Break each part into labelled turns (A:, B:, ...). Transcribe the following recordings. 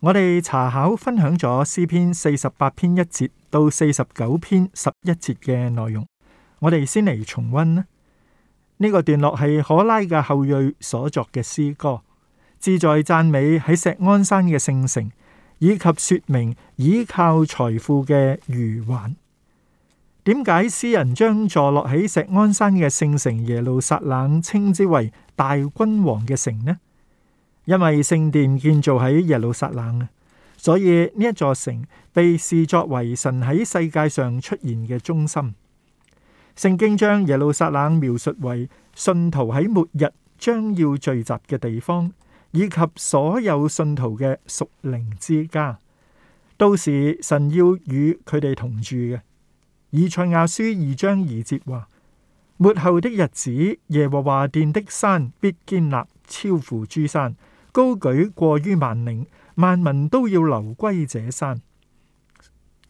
A: 我哋查考分享咗詩篇四十八篇一節到四十九篇十一節嘅內容，我哋先嚟重溫呢，呢個段落係可拉嘅後裔所作嘅詩歌，志在讚美喺錫安山嘅聖城，以及說明倚靠財富嘅愚頑。點解詩人將坐落喺錫安山嘅聖城耶路撒冷稱之為大君王嘅城呢？因為聖殿建造喺耶路撒冷，所以呢一座城被視作為神喺世界上出現嘅中心。聖經將耶路撒冷描述為信徒喺末日將要聚集嘅地方，以及所有信徒嘅屬靈之家。到時神要與佢哋同住嘅。以賽亞書二章二節話，末後的日子，耶和華殿的山必建立超乎諸山。高舉過於萬嶺，萬民都要流歸這山。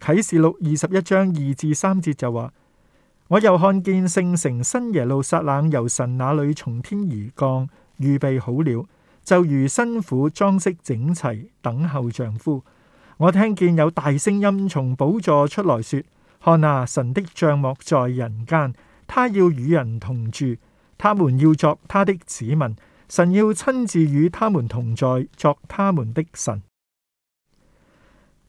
A: 啟示錄二十一章二至三節就話： 我又看見聖城新耶路撒冷由神那裏從天而降，預備好了，就如新婦裝飾整齊，等候丈夫。我聽見有大聲音從寶座出來說：看啊，神的帳幕在人間，他要與人同住，他們要作他的子民。神要親自與他們同在，作他們的神。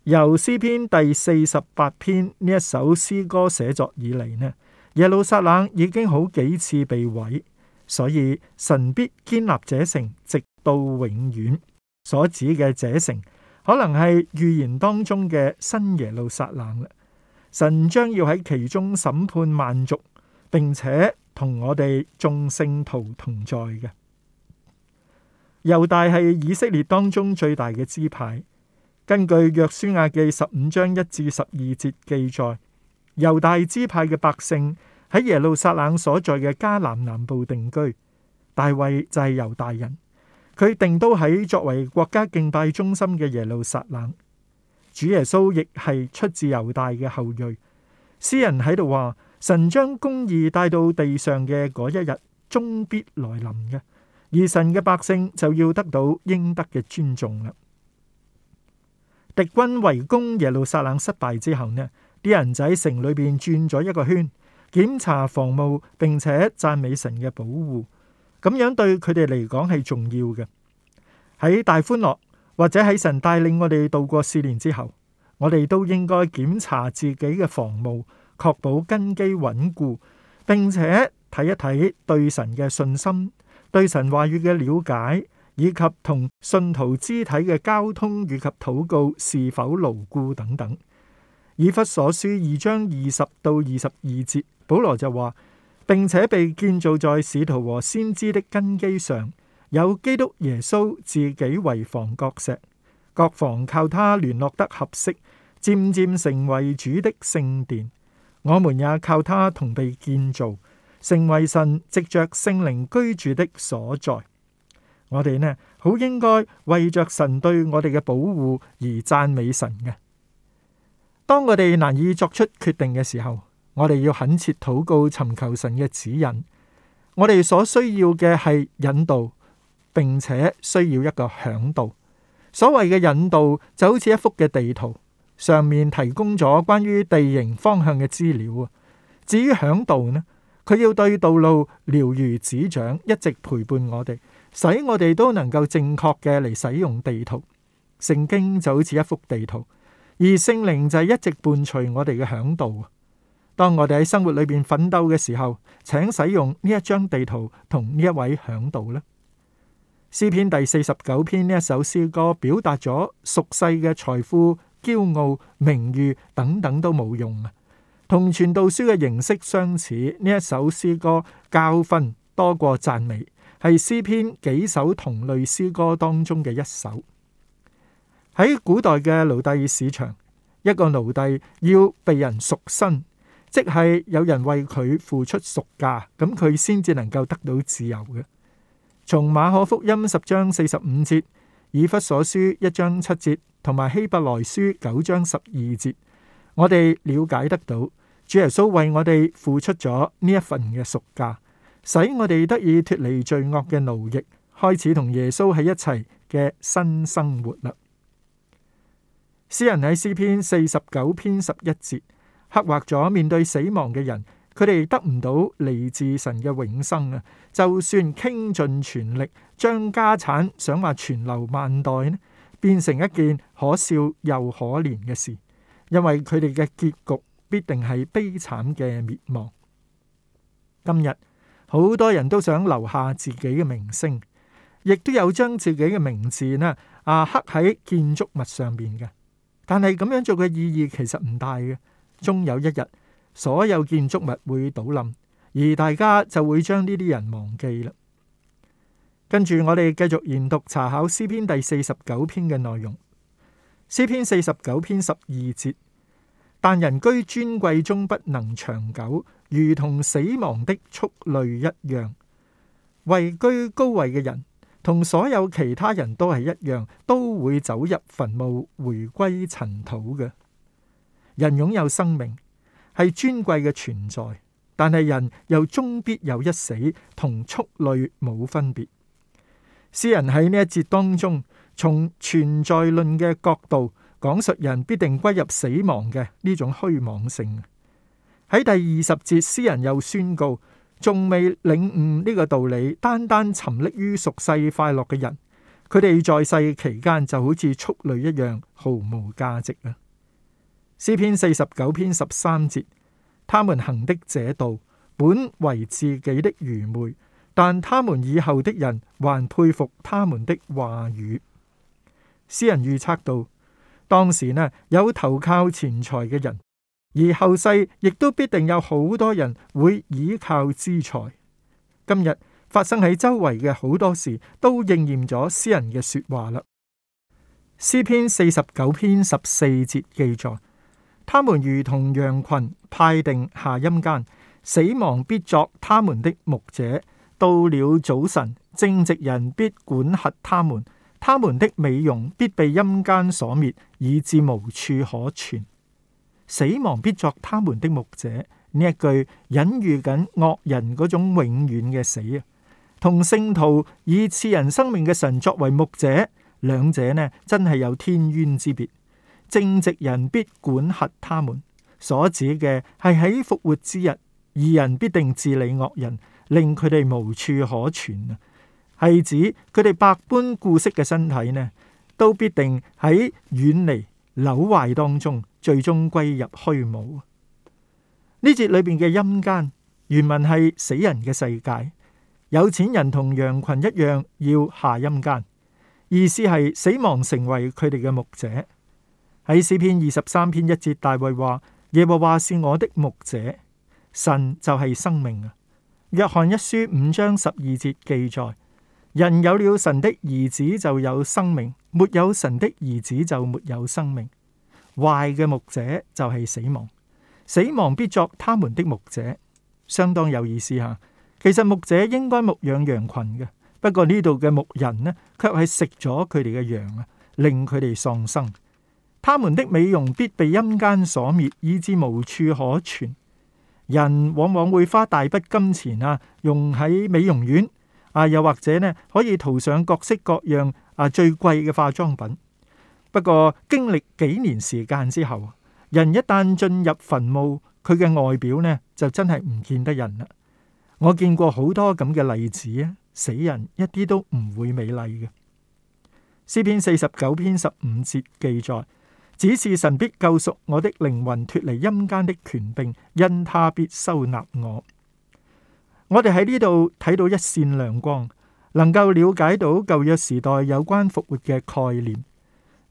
A: 由詩篇第四十八篇呢一首詩歌寫作以嚟呢，耶路撒冷已經好幾次被毀，所以神必堅立這城直到永遠。所指嘅這城可能係預言當中嘅新耶路撒冷。神將要喺其中審判萬族，並且同我哋眾聖徒同在嘅。猶大係以色列當中最大嘅支派。根據約書亞記十五章一至十二節記載，猶大支派嘅百姓喺耶路撒冷所在嘅迦南南部定居。大衛就係猶大人，佢定都喺作為國家敬拜中心嘅耶路撒冷。主耶穌亦係出自猶大嘅後裔。詩人喺度話：神將公義帶到地上嘅嗰一日，終必來臨嘅。而神嘅百姓就要得到應得嘅尊重啦。敵軍圍攻耶路撒冷失敗之後呢，啲人仔喺城裏邊轉咗一個圈，檢查防務，並且讚美神嘅保護，咁樣對佢哋嚟講係重要嘅。喺大歡樂或者喺神帶領我哋度過試煉之後，我哋都應該檢查自己嘅防務，確保根基穩固，並且睇一睇對神嘅信心。對神話語嘅了解，以及同信徒肢體嘅交通以及禱告是否牢固等等，以弗所書二章二十到二十二節，保羅就話，並且被建造在使徒和先知的根基上，有基督耶穌自己為房角石，各房靠他聯絡得合適，漸漸成為主的聖殿。我們也靠他同被建造。成為神藉着聖靈居住的所在，我哋呢好應該為着神對我哋嘅保護而讚美神嘅。當我哋難以作出決定嘅時候，我哋要懇切禱告尋求神嘅指引。我哋所需要嘅係引導，並且需要一個響導。所謂嘅引導就好似一幅嘅地圖，上面提供咗關於地形方向嘅資料。至於響導呢？佢要對道路了如指掌，一直陪伴我哋，使我哋都能夠正確嘅嚟使用地圖。聖經就好似一幅地圖，而聖靈就係一直伴隨我哋嘅嚮導。當我哋喺生活裏邊奮鬥嘅時候，請使用呢一張地圖同呢一位嚮導啦。詩篇第四十九篇呢一首詩歌表達咗俗世嘅財富、驕傲、名譽等等都冇用啊。同傳道書嘅形式相似，呢一首詩歌教訓多過讚美，係詩篇幾首同類詩歌當中嘅一首。喺古代嘅奴隸市場，一個奴隸要被人贖身，即係有人為佢付出贖價，咁佢先至能夠得到自由嘅。從馬可福音十章四十五節、以弗所書一章七節同埋希伯來書九章十二節，我哋了解得到。主耶穌為我哋付出咗呢一份嘅贖價，使我哋得以脫離罪惡嘅奴役，開始同耶穌喺一齊嘅新生活啦。詩人喺詩篇四十九篇十一節刻畫咗面對死亡嘅人，佢哋得唔到嚟自神嘅永生啊！就算傾盡全力將家產想話存留萬代呢，變成一件可笑又可憐嘅事，因為佢哋嘅結局。必定係悲慘嘅滅亡。今日好多人都想留下自己嘅名聲，亦都有將自己嘅名字呢啊，刻喺建築物上面嘅。但係咁樣做嘅意義其實唔大嘅，終有一日所有建築物會倒冧，而大家就會將呢啲人忘記啦。跟住我哋繼續研讀查考詩篇第四十九篇嘅內容，詩篇四十九篇十二節。但人居尊貴中不能長久，如同死亡的畜類一樣。位居高位嘅人，同所有其他人都係一樣，都會走入墳墓，回歸塵土嘅。人擁有生命，係尊貴嘅存在，但係人又終必有一死，同畜類冇分別。詩人喺呢一節當中，從存在論嘅角度，講述人必定歸入死亡嘅呢種虛妄性。喺第二十節，詩人又宣告：仲未領悟呢個道理，單單沉溺於俗世快樂嘅人，佢哋在世期間就好似畜類一樣，毫無價值啦。詩篇四十九篇十三節，他們行的這道本為自己的愚昧，但他們以後的人還佩服他們的話語。詩人預測到。當時呢有投靠錢財嘅人，而後世亦都必定有好多人會倚靠資財。今日發生喺周圍嘅好多事，都應驗咗詩人嘅說話啦。詩篇四十九篇十四節記載：「他們如同羊群，派定下陰間，死亡必作他們的牧者。」到了早晨，正直人必管轄他們。他們的美容必被陰間所滅，以致無處可存。死亡必作他們的牧者。呢一句隱喻緊惡人嗰種永遠嘅死啊，同聖徒以賜人生命嘅神作為牧者，兩者呢真係有天淵之別。正直人必管轄他們，所指嘅係喺復活之日，義人必定治理惡人，令佢哋無處可存。係指佢哋百般顧惜嘅身體呢，都必定喺遠離扭壞當中，最終歸入虛無。呢節裏邊嘅陰間原文係死人嘅世界，有錢人同羊群一樣要下陰間，意思係死亡成為佢哋嘅牧者。喺詩篇二十三篇一節大，大衛話耶和華是我的牧者，神就係生命啊。約翰一書五章十二節記載，人有了神的兒子就有生命，沒有神的兒子就沒有生命。壞嘅牧者就係死亡，死亡必作他們的牧者，相當有意思吓。其實牧者應該牧養羊群嘅，不過呢度嘅牧人呢，卻係食咗佢哋嘅羊啊，令佢哋喪生。他們的美容必被陰間所滅，以致無處可存。人往往會花大筆金錢啊，用喺美容院。啊，又或者呢，可以塗上各式各樣啊，最貴嘅化妝品。不過經歷幾年時間之後，人一旦進入墳墓，佢嘅外表呢，就真係唔見得人啦。我見過好多咁嘅例子啊，死人一啲都唔會美麗嘅。詩篇四十九篇十五節記載：只是神必救贖我的靈魂，脫離陰間的權柄，因他必收納我。我哋喺呢度睇到一綫亮光，能夠了解到舊約時代有關復活嘅概念。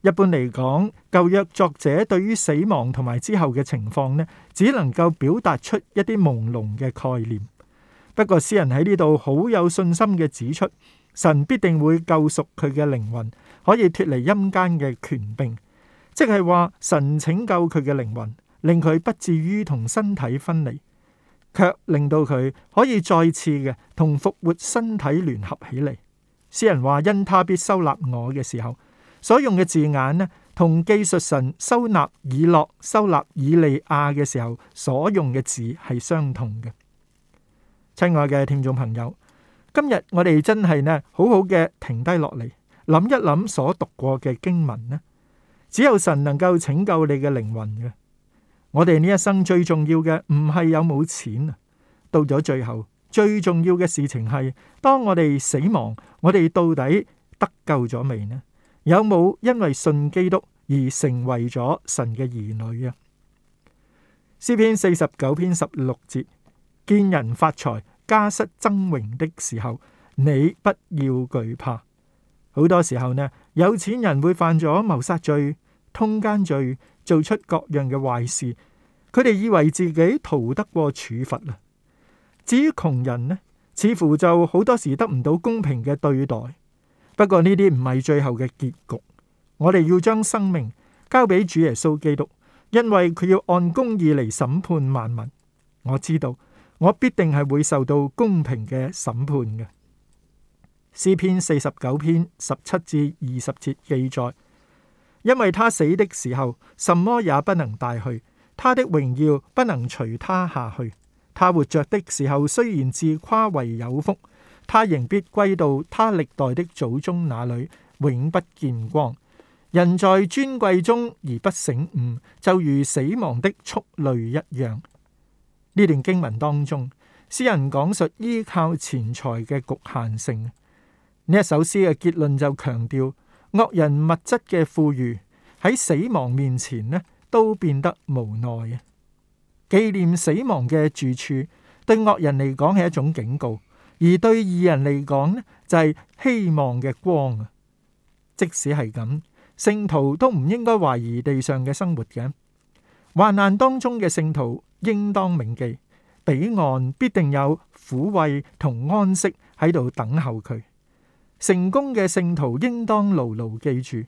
A: 一般嚟講，舊約作者對於死亡同埋之後嘅情況呢，只能夠表達出一啲朦朧嘅概念。不過，詩人喺呢度好有信心嘅指出，神必定會救贖佢嘅靈魂，可以脫離陰間嘅權柄，即係話神拯救佢嘅靈魂，令佢不至於同身體分離。卻令到佢可以再次嘅同復活身體聯合起嚟。詩人話，因他必收納我嘅時候，所用嘅字眼呢，同記述神收納以諾、收納以利亞嘅時候所用嘅字係相同嘅。親愛嘅聽眾朋友，今日我哋真係呢好好嘅停低落嚟諗一諗所讀過嘅經文呢。只有神能夠拯救你嘅靈魂嘅。我哋呢一生最重要嘅唔係有冇錢啊，到咗最後最重要嘅事情係，當我哋死亡，我哋到底得救咗未呢？有冇因為信基督而成為咗神嘅兒女啊？詩篇四十九篇十六節：見人發財、家室增榮的時候，你不要懼怕。好多時候呢，有錢人會犯咗謀殺罪。通姦罪，做出各樣嘅壞事，佢哋以為自己逃得過處罰啦。至於窮人呢，似乎就好多時得唔到公平嘅對待。不過呢啲唔係最後嘅結局，我哋要將生命交俾主耶穌基督，因為佢要按公義嚟審判萬民。我知道我必定係會受到公平嘅審判嘅。詩篇四十九篇十七至二十節記載。因為他死的時候，什麼也不能帶去，他的榮耀不能隨他下去。他活着的時候雖然自誇為有福，他仍必歸到他歷代的祖宗那裏，永不見光。人在尊貴中而不醒悟，就如死亡的畜類一樣。呢段經文當中，詩人講述依靠錢財嘅局限性。呢一首詩嘅結論就強調。惡人物質嘅富裕喺死亡面前呢，都變得無奈啊！紀念死亡嘅住處，對惡人嚟講係一種警告，而對義人嚟講呢，就係希望嘅光啊！即使係咁，聖徒都唔應該懷疑地上嘅生活嘅。患難當中嘅聖徒，應當銘記彼岸必定有撫慰同安息喺度等候佢。成功嘅聖徒應當牢牢記住，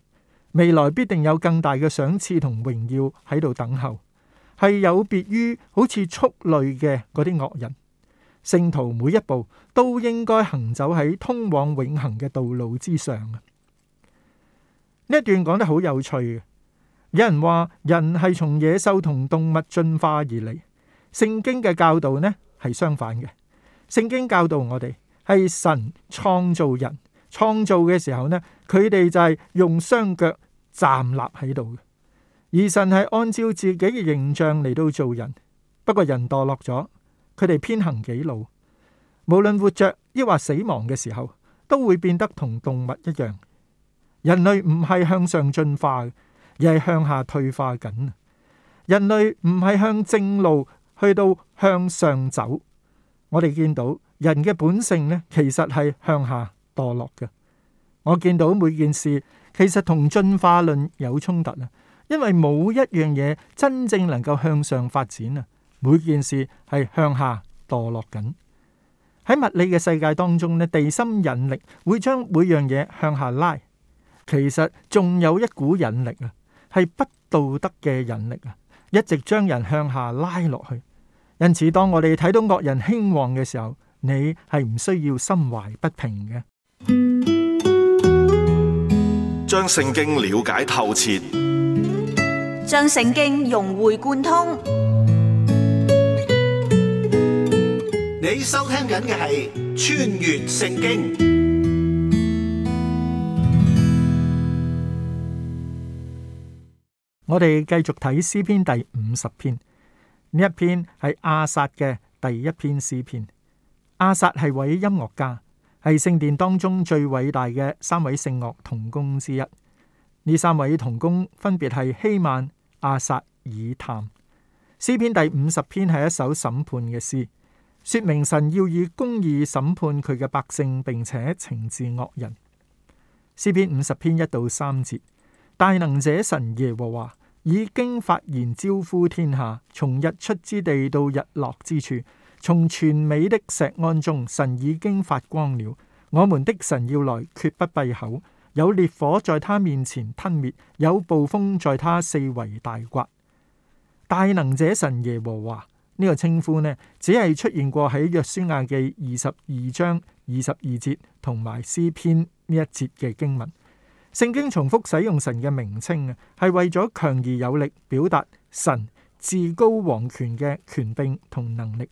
A: 未來必定有更大嘅賞賜同榮耀喺度等候，係有別於好似畜類嘅嗰啲惡人。聖徒每一步都應該行走喺通往永恆嘅道路之上。呢一段講得好有趣。有人話人係從野獸同動物進化而嚟，聖經嘅教導呢係相反嘅。聖經教導我哋係神創造人。創造嘅時候呢，佢哋就係用雙腳站立喺度嘅。而神係按照自己嘅形象嚟到做人，不過人墮落咗，佢哋偏行己路。無論活着抑或死亡嘅時候，都會變得同動物一樣。人類唔係向上進化，而係向下退化緊。人類唔係向正路去到向上走。我哋見到人嘅本性呢，其實係向下。墮落嘅，我見到每件事其實同進化論有衝突啊，因為冇一樣嘢真正能夠向上發展啊。每件事係向下墮落緊。喺物理嘅世界當中咧，地心引力會將每樣嘢向下拉。其實仲有一股引力啊，係不道德嘅引力啊，一直將人向下拉落去。因此，當我哋睇到惡人興旺嘅時候，你係唔需要心懷不平嘅。將聖經了解透徹，嗯，將聖經融會貫通。你收聽緊嘅係《穿越聖經》嗯。我哋繼續睇詩篇第五十篇，呢一篇係亞薩嘅第一篇詩篇。亞薩係位音樂家。係聖殿當中最偉大嘅三位聖樂同工之一。呢三位同工分別係希曼、亞薩、以探。詩篇第五十篇係一首審判嘅詩，說明神要以公義審判佢嘅百姓，並且懲治惡人。詩篇五十篇一到三節，大能者神耶和華已經發言，招呼天下，從日出之地到日落之處。從全美的錫安中，神已經發光了。我們的神要來，決不閉口。有烈火在他面前吞滅，有暴風在他四圍大刮。大能者神耶和華，呢個稱呼呢，只係出現過喺約書亞記二十二章二十二節同埋詩篇呢一節嘅經文。聖經重複使用神嘅名稱啊，係為咗強而有力表達神至高王權嘅權柄同能力。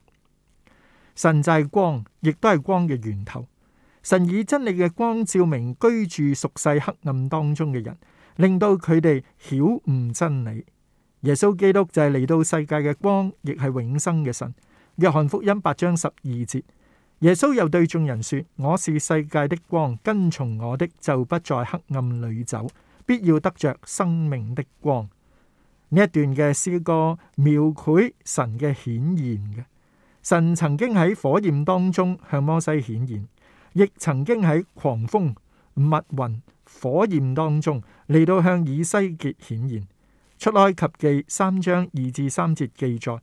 A: 神就係光，亦都係光嘅源頭。神以真理嘅光照明居住俗世黑暗當中嘅人，令到佢哋曉悟真理。耶穌基督就係嚟到世界嘅光，亦係永生嘅神。約翰福音八章十二節，耶穌又對眾人說：我是世界的光，跟從我的就不在黑暗裏走，必要得着生命的光。呢一段嘅詩歌描繪神嘅顯現嘅。神曾經喺火焰當中向摩西顯現，亦曾經喺狂風、密雲、火焰當中嚟到向以西結顯現。出埃及記三章二至三節記載，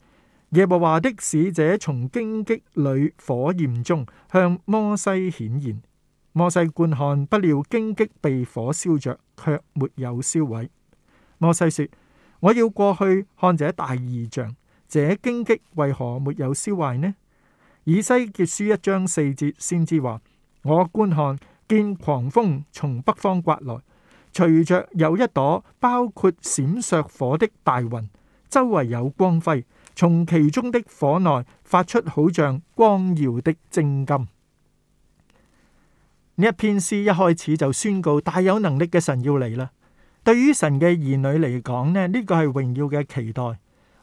A: 耶和華的使者從荊棘裏火焰中向摩西顯現，摩西觀看，不料荊棘被火燒着，卻沒有燒毀。摩西說：我要過去看這大異象。這荊棘為何沒有燒壞呢？以西結書一章四節先知話：我觀看，見狂風從北方刮來，隨着有一朵包括閃爍火的大雲，周圍有光輝，從其中的火內發出好像光耀的精金。呢一篇詩一開始就宣告大有能力嘅神要嚟啦。對於神嘅兒女嚟講呢，呢、呢個係榮耀嘅期待。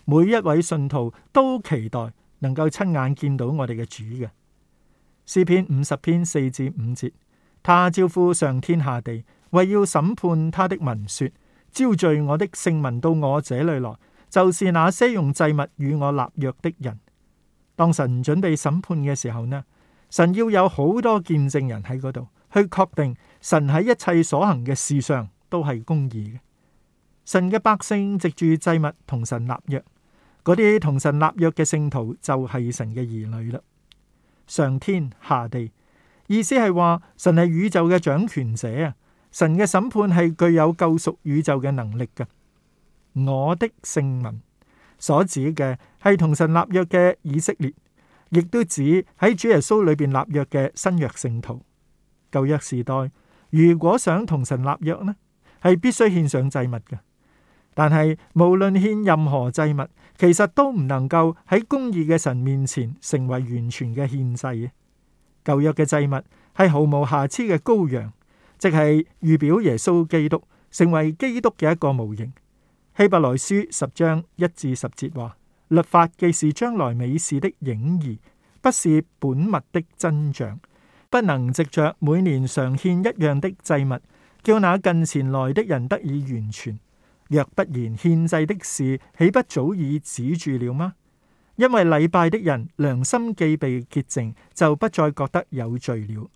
A: 每一位信徒都期待能夠親眼見到我哋嘅主嘅。詩篇五十篇四至五節，他招呼上天下地，為要審判他的文說：招聚我的聖民到我這裏來，就是那些用祭物與我立約的人。當神準備審判嘅時候呢，神要有好多見證人喺嗰度，去確定神喺一切所行嘅事上都係公義嘅。神嘅百姓藉住祭物，同神立約。嗰啲同神立約嘅聖徒就係神嘅兒女啦，上天下地，意思係話神係宇宙嘅掌權者啊，神嘅審判係具有救贖宇宙嘅能力噶。我的聖民所指嘅係同神立約嘅以色列，亦都指喺主耶穌裏邊立約嘅新約聖徒。舊約時代如果想同神立約呢，係必須獻上祭物嘅。但係，無論獻任何祭物，其實都唔能夠喺公義嘅神面前成為完全嘅獻祭。舊約嘅祭物係毫無瑕疵嘅羔羊，即係預表耶穌基督成為基督嘅一個模型。希伯來書十章一至十節話：律法既是將來美事的影兒，不是本物的真像，不能藉着每年常獻一樣的祭物，叫那近前來的人得以完全。若不然，獻祭的事豈不早已止住了嗎？因為禮拜的人良心既被潔淨，就不再覺得有罪了。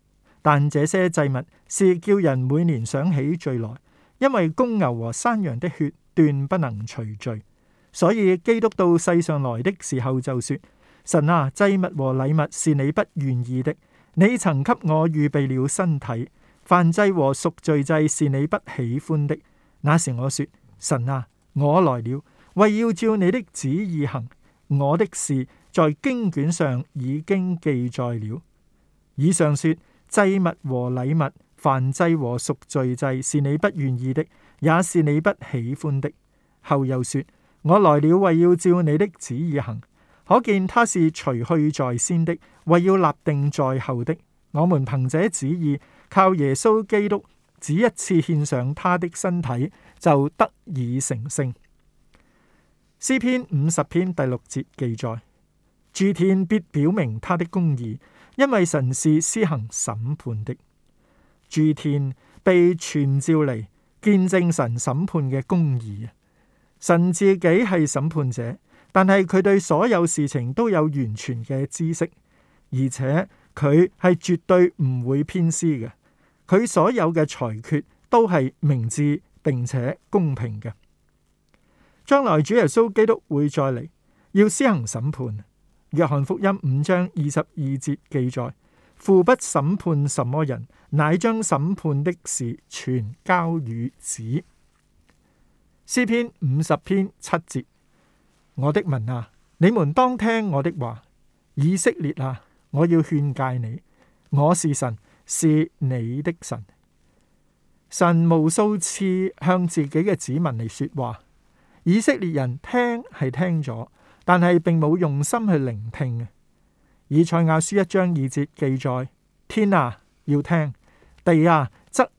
A: 但這些祭物是叫人每年想起罪來，因為公牛和山羊的血斷不能除罪，所以基督到世上來的時候就說：神啊，祭物和禮物是你不願意的，你曾給我預備了身體，燔祭和贖罪祭是你不喜歡的。那時我說。神啊，我來了，為要照你的旨意行。我的事在經卷上已經記載了。以上說祭物和禮物、燔祭和贖罪祭是你不願意的，也是你不喜歡的。後又說我來了，為要照你的旨意行。可見他是除去在先的，為要立定在後的。我們憑這旨意，靠耶穌基督只一次獻上他的身體。就得以成聖。詩篇五十篇第六節記載：諸天必表明他的公義，因為神是施行審判的。諸天被傳召嚟見證神審判嘅公義。神自己係審判者，但係佢對所有事情都有完全嘅知識，而且佢係絕對唔會偏私嘅。佢所有嘅裁決都係明智，並且公平嘅，將來主耶穌基督會再嚟，要施行審判。約翰福音五章二十二節記載：父不審判什麼人，乃將審判的事全交與子。詩篇五十篇七節：我的民啊，你們當聽我的話，以色列啊，我要勸戒你，我是神，是你的神。神無數次向自己嘅子民嚟說話，以色列人聽係聽咗，但係並冇用心去聆聽。以賽亞書一章二節記載：天啊要聽，地啊側耳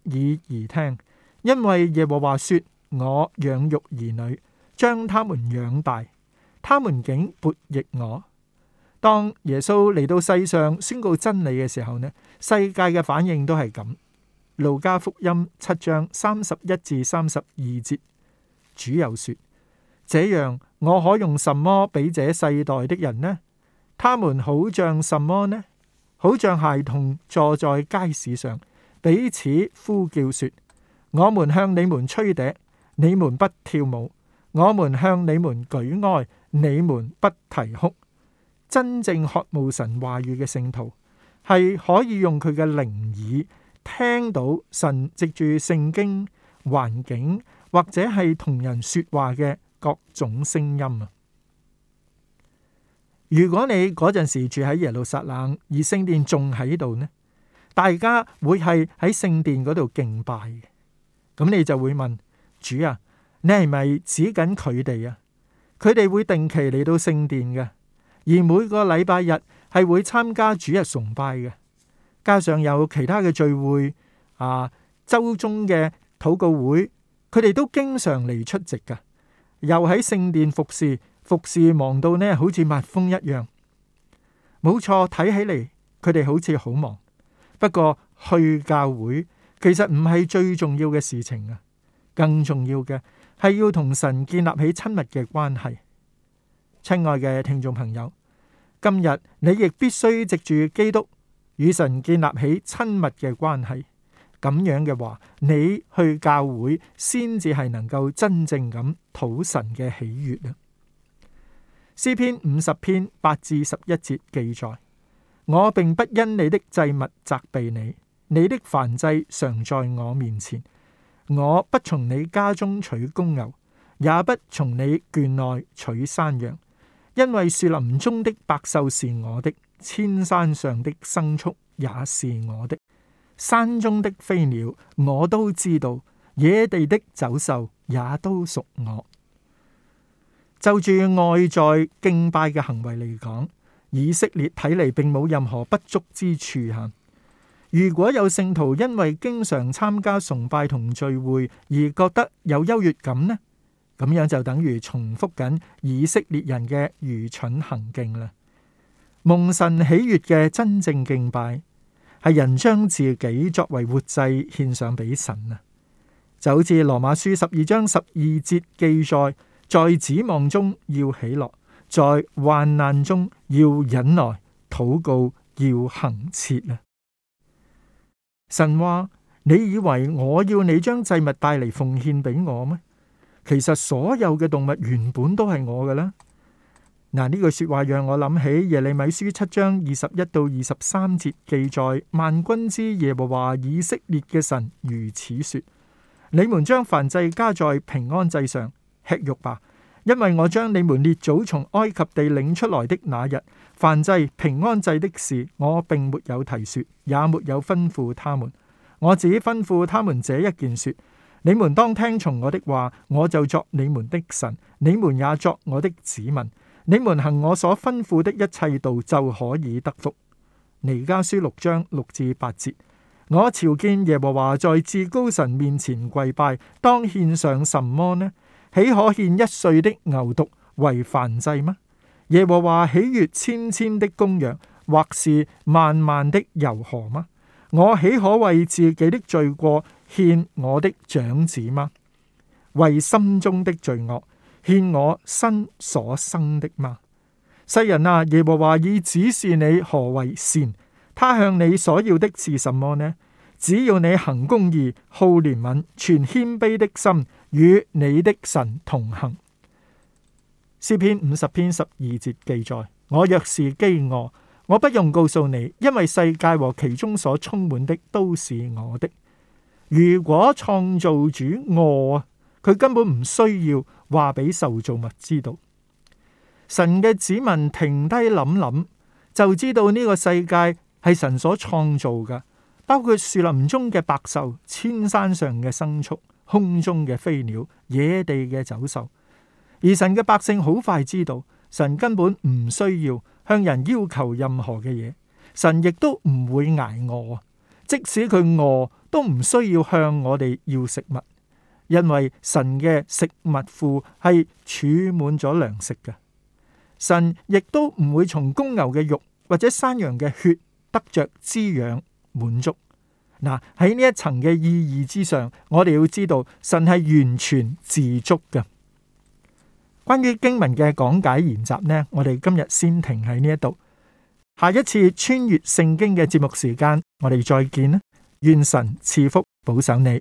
A: 而聽，因為耶和華說：我養育兒女，將他們養大，他們竟悖逆我。當耶穌嚟到世上宣告真理嘅時候呢，世界嘅反應都係咁。路加福音七章三十一至三十二節，主有說：這樣我可用什麼比這世代的人呢？他們好像什麼呢？好像孩童坐在街市上，彼此呼叫說：我們向你們吹笛，你們不跳舞；我們向你們舉哀，你們不啼哭。真正渴慕神話語嘅聖徒，係可以用佢嘅靈耳，聽到神藉住聖經環境或者係同人說話嘅各種聲音啊！如果你嗰陣時住喺耶路撒冷而聖殿仲喺度呢，大家會係喺聖殿嗰度敬拜嘅，咁你就會問主啊，你係咪指緊佢哋啊？佢哋會定期嚟到聖殿嘅，而每個禮拜日係會參加主日崇拜嘅。加上有其他嘅聚會，啊，周中嘅禱告會，佢哋都經常嚟出席噶。又喺聖殿服侍服侍忙到呢，好似蜜蜂一樣，冇錯，睇起嚟佢哋好似好忙。不過去教會其實唔係最重要嘅事情啊，更重要嘅係要同神建立起親密嘅關係。親愛嘅聽眾朋友，今日你亦必須藉住基督。與神建立起親密嘅關係，咁樣嘅話，你去教會先至係能夠真正咁討神嘅喜悦啊！詩篇五十篇八至十一節記載：我並不因你的祭物責備你，你的燔祭常在我面前。我不從你家中取公牛，也不從你圈內取山羊，因為樹林中的百獸是我的。千山上的牲畜也是我的，山中的飛鳥我都知道，野地的走獸也都屬我。就住外在敬拜嘅行為嚟講，以色列睇嚟並冇任何不足之處吓。如果有聖徒因為經常參加崇拜同聚會而覺得有優越感呢，咁樣就等於重複緊以色列人嘅愚蠢行徑啦。蒙神喜悅嘅真正敬拜，係人將自己作為活祭獻上俾神啊！就好似羅馬書十二章十二節記載：在指望中要喜樂，在患難中要忍耐，禱告要恆切啊！神話你以為我要你將祭物帶嚟奉獻俾我咩？其實所有嘅動物原本都係我嘅啦。嗱，呢句說話讓我諗起耶利米書七章二十一到二十三節記載，萬軍之耶和華以色列嘅神如此說：你們將凡祭加在平安祭上吃肉吧，因為我將你們列祖從埃及地領出來的那日，凡祭平安祭的事我並沒有提說，也沒有吩咐他們。我只吩咐他們這一件說：你們當聽從我的話，我就作你們的神，你們也作我的子民。你們行我所吩咐的一切道，就可以得福。彌迦書六章六至八節：我朝見耶和華在至高神面前跪拜，當獻上什麼呢？豈可獻一歲的牛犢為燔祭嗎？耶和華喜悅千千的公羊，或是萬萬的油河嗎？我豈可為自己的罪過獻我的長子嗎？為心中的罪惡？獻我身所生的嗎？世人啊，耶和華已指示你何為善，他向你所要的是什麼呢？只要你行公義、好憐憫、存謙卑的心，與你的神同行。詩篇五十篇十二節記載：我若是飢餓，我不用告訴你，因為世界和其中所充滿的都是我的。如果創造主餓佢根本唔需要話俾受造物知道，神嘅子民停低諗諗，就知道呢個世界係神所創造㗎，包括樹林中嘅百獸、千山上嘅牲畜、空中嘅飛鳥、野地嘅走獸。而神嘅百姓好快知道，神根本唔需要向人要求任何嘅嘢，神亦都唔會捱餓。即使佢餓，都唔需要向我哋要食物。因為神嘅食物庫係儲滿咗糧食嘅，神亦都唔會從公牛嘅肉或者山羊嘅血得着滋養滿足。嗱，喺呢一層嘅意義之上，我哋要知道神係完全自足嘅。關於經文嘅講解研習呢，我哋今日先停喺呢一度。下一次穿越聖經嘅節目時間，我哋再見啦！願神賜福保守你。